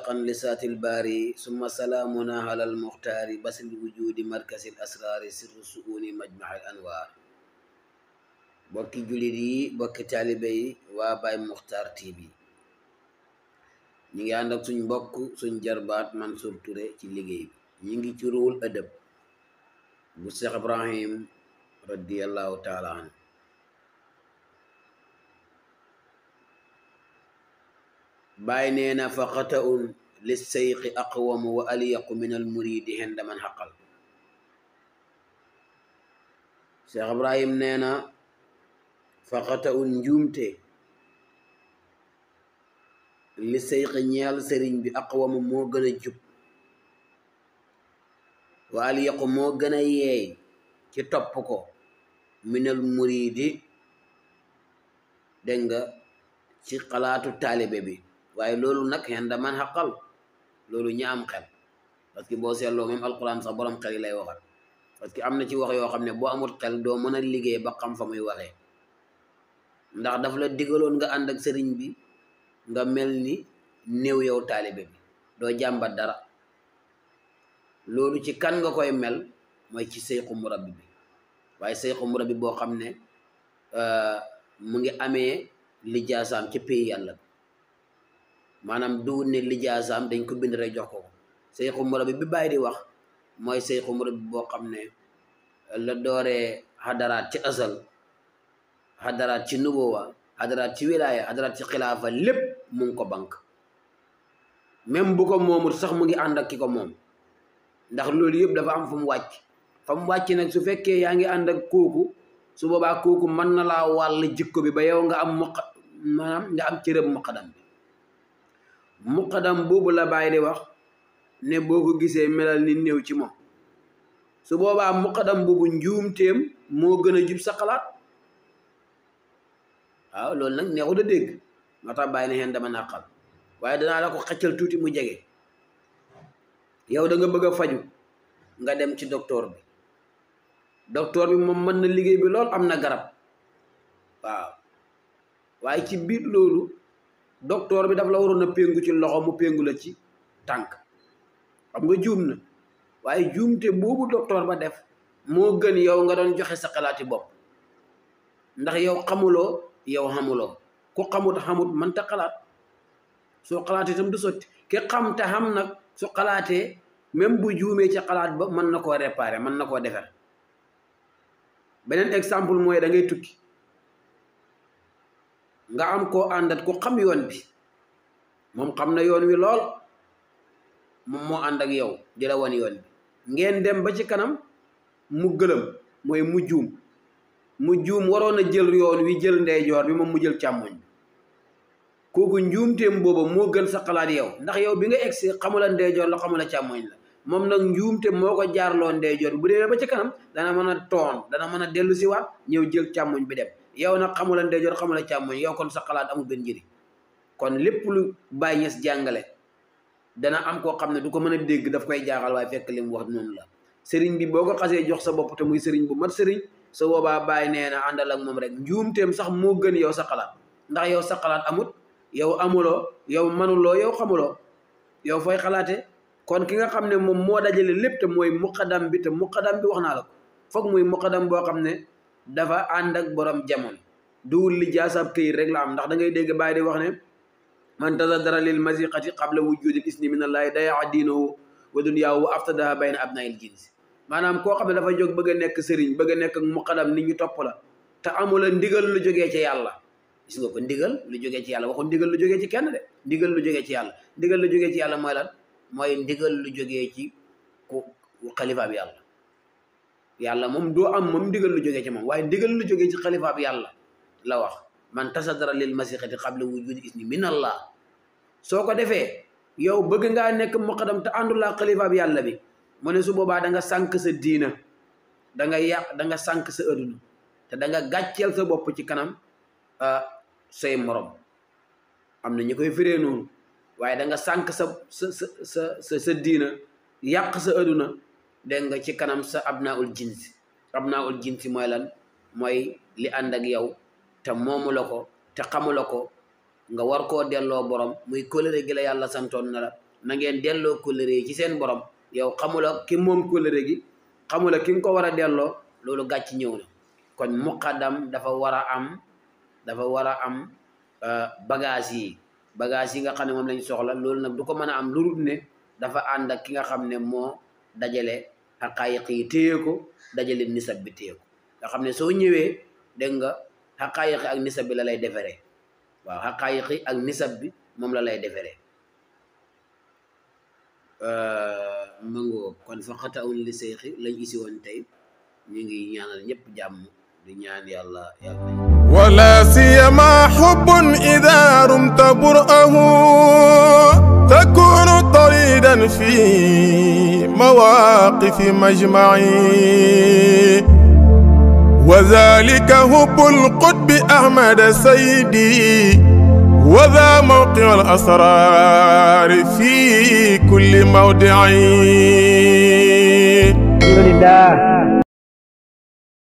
mutlaqan li saatil baari summa salaamuna alal muxtaari basil wujudi markasil asraari sirru suuni majmaxil anwaar bokki jullit yi bokki taalibe yi waa Baay Muxtaar TV ñi ngi ànd suñ mbokk suñ jarbaat Mansour Touré ci liggéey bi ñi ngi ci ruwul ëdëb bu Cheikh Ibrahim radiallahu taala anhu bàyyi nee na fa xata un lisseyqi aqwamu wa alyaqu min almuridi hendaman xaqal cheikh ibrahim nee na faxata un njuumte li seyqi ñeel sëriñ bi aqwamu moo gën a jub wa alyaqu moo gën a yeey ci topp ko minal muridi dégg nga ci xalaatu taalibe bi waaye loolu nag hen daman xaqal loolu ñi am xel parce que boo seetloo même alquran sax borom xel lay waxal parce que am na ci wax yoo xam ne boo amul xel doo mën a liggéey ba xam fa muy waxee ndax daf la digaloon nga ànd ak sëriñ bi nga mel ni néew yow taalibe bi doo jàmbat dara loolu ci kan nga koy mel mooy ci seyxu murabbi bi waaye seyxu murabbi boo xam ne euh, mu ngi amee lijaasaam ci pays yàlla maanaam duwut ne lijaasaam dañ ko bind rek jox ko seyxu murabbi bi bàyyi di wax mooy seyxu murabbi boo xam ne la dooree xadaraat ci asal xadaraat ci nubuwa xadaraat ci wilaaya xadaraat ci xilaafa lépp mu ngi ko bank même bu ko moomul sax mu ngi ànd ak ki ko moom ndax loolu yëpp dafa am fu mu wàcc fa mu wàcc nag su fekkee yaa ngi ànd ak kooku su boobaa kooku mën na laa wàll jikko bi ba yow nga am muq maanaam nga am cërëb muqadam bi muqadam boobu la bàyyi de wax ne boo ko gisee melal ni néew ci moom su boobaa muqadam boobu njuumteem moo gën a jub sa xalaat waaw loolu nag neexut a dégg moo tax bàyyi na xeen dama naqal waaye danaa la ko xaccal tuuti mu jege yow danga nga bëgg a faju nga dem ci docteur bi docteur bi moom mën na liggéey bi lool am na garab waaw waaye ci biir loolu docteur bi daf la waroon a péngu ci loxo mu péngu la ci tànk xam nga juum na waaye juum juumte boobu docteur ba def moo gën yow nga doon joxe sa xalaati bopp ndax yow xamuloo yow xamuloo ku xamut xamut mën ta xalaat soo xalaatee itam du sotti ke xam te xam nag su xalaatee même bu juumee ci xalaat ba mën na koo réparer mën na koo defar beneen exemple mooy da ngay tukki nga am koo àndat ku xam yoon bi moom xam na yoon wi lool moom moo ànd ak yow di wan yoon bi ngeen dem ba ci kanam mu gëlëm mooy mu juum mu juum waroon a jël yoon wi jël ndeyjoor bi moom mu jël càmmoñ bi kooku njuumteem booba moo gën sa xalaat yow ndax yow bi nga egsi xamula ndeyjoor la xamula càmmoñ la moom nag njuumte moo ko jaarloo ndeyjoor bi bu demee ba ci kanam dana mën a toon dana mën a dellu si waat ñëw jël càmmoñ bi dem yow nag xamula ndeyjoor xamula càmmoñ yow kon sa xalaat amul benn njëriñ kon lépp lu bàyyi jàngale dana am koo xam ne du ko mën a dégg daf koy jaaxal waaye fekk li noonu la sëriñ bi boo ko xasee jox sa bopp muy sëriñ bu mat sëriñ sa boobaa bàyyi nee na àndal ak moom rek njuumteem sax moo gën yow sa xalaat yow sa amut yow amuloo yow manuloo yow xamuloo yow fooy xalaate kon ki nga xam ne moom moo dajale lépp te mooy muqadam bi te muqadam bi wax naa la ko foog boo xam ne dafa ànd ak borom jamono duwul li jaasab këyit rek la am ndax da ngay dégg bàyyi di wax ne man da tasaddara lil masiqati qabla wujudil isni min allahi dayaa diinahu wa dunyaahu wa aftadaha na abnail jinsi maanaam koo xam ne dafa jóg bëgg a nekk sëriñ bëgg a nekk ak muqadam nit ñu topp la te amula ndigal lu jógee ci yàlla gis nga ko ndigal lu jógee ci yàlla waxu ndigal lu jógee ci kenn de ndigal lu jógee ci yàlla ndigal lu jógee ci yàlla mooy lan mooy ndigal lu jógee ci ku xalifa bi yàlla yàlla moom doo am moom ndigal lu jógee ci moom waaye ndigal lu jógee ci xalifaab yàlla la wax man tasadara lil masixati xabla wujudi isni min la soo ko defee yow bëgg ngaa nekk muqadam te àndulaa xalifaab yàlla bi mu ne su boobaa da nga sànk sa diina da yàq da nga sa adduna te da nga sa bopp ci kanam ah, say morom am na ñu koy firee noonu waaye da nga sànk sa sa sa sa sa yàq sa adduna dégg nga ci kanam sa abnaul ul abnaul jinsi mooy lan mooy li ànd ak yow te moomu la ko te xamu la ko nga war koo delloo borom muy kóllëre gi la yàlla santoon na la nangeen ngeen delloo kóllëre yi ci seen borom yow xamula ki moom kóllëre gi xamula ki ko war a delloo loolu gàcc ñëw na kon muqaddam dafa war a am dafa war a am euh, bagage yi bagage yi nga xam ne moom lañ soxla loolu nag du ko mën am lu dul ne dafa ànd ki nga xam ne moo dajale xaqaayiq yi téye dajale nisab bi téye ko nga xam ne soo ñëwee nga xaqaayiq ak nisab bi la lay deferee wa xaqaayiq ak nisab bi mom la lay deferee euh, mëngoo kon fa xatawun li sheikh lañ isi won tay ñi ngi ñaanal ñepp jamm di ñaan yalla yalla ولا سيما حب إذا رمت برأه تكون طريدا فيه مواقف مجمعي وذلك هب القطب أحمد سيدي وذا موقع الأسرار في كل موضعي الحمد لله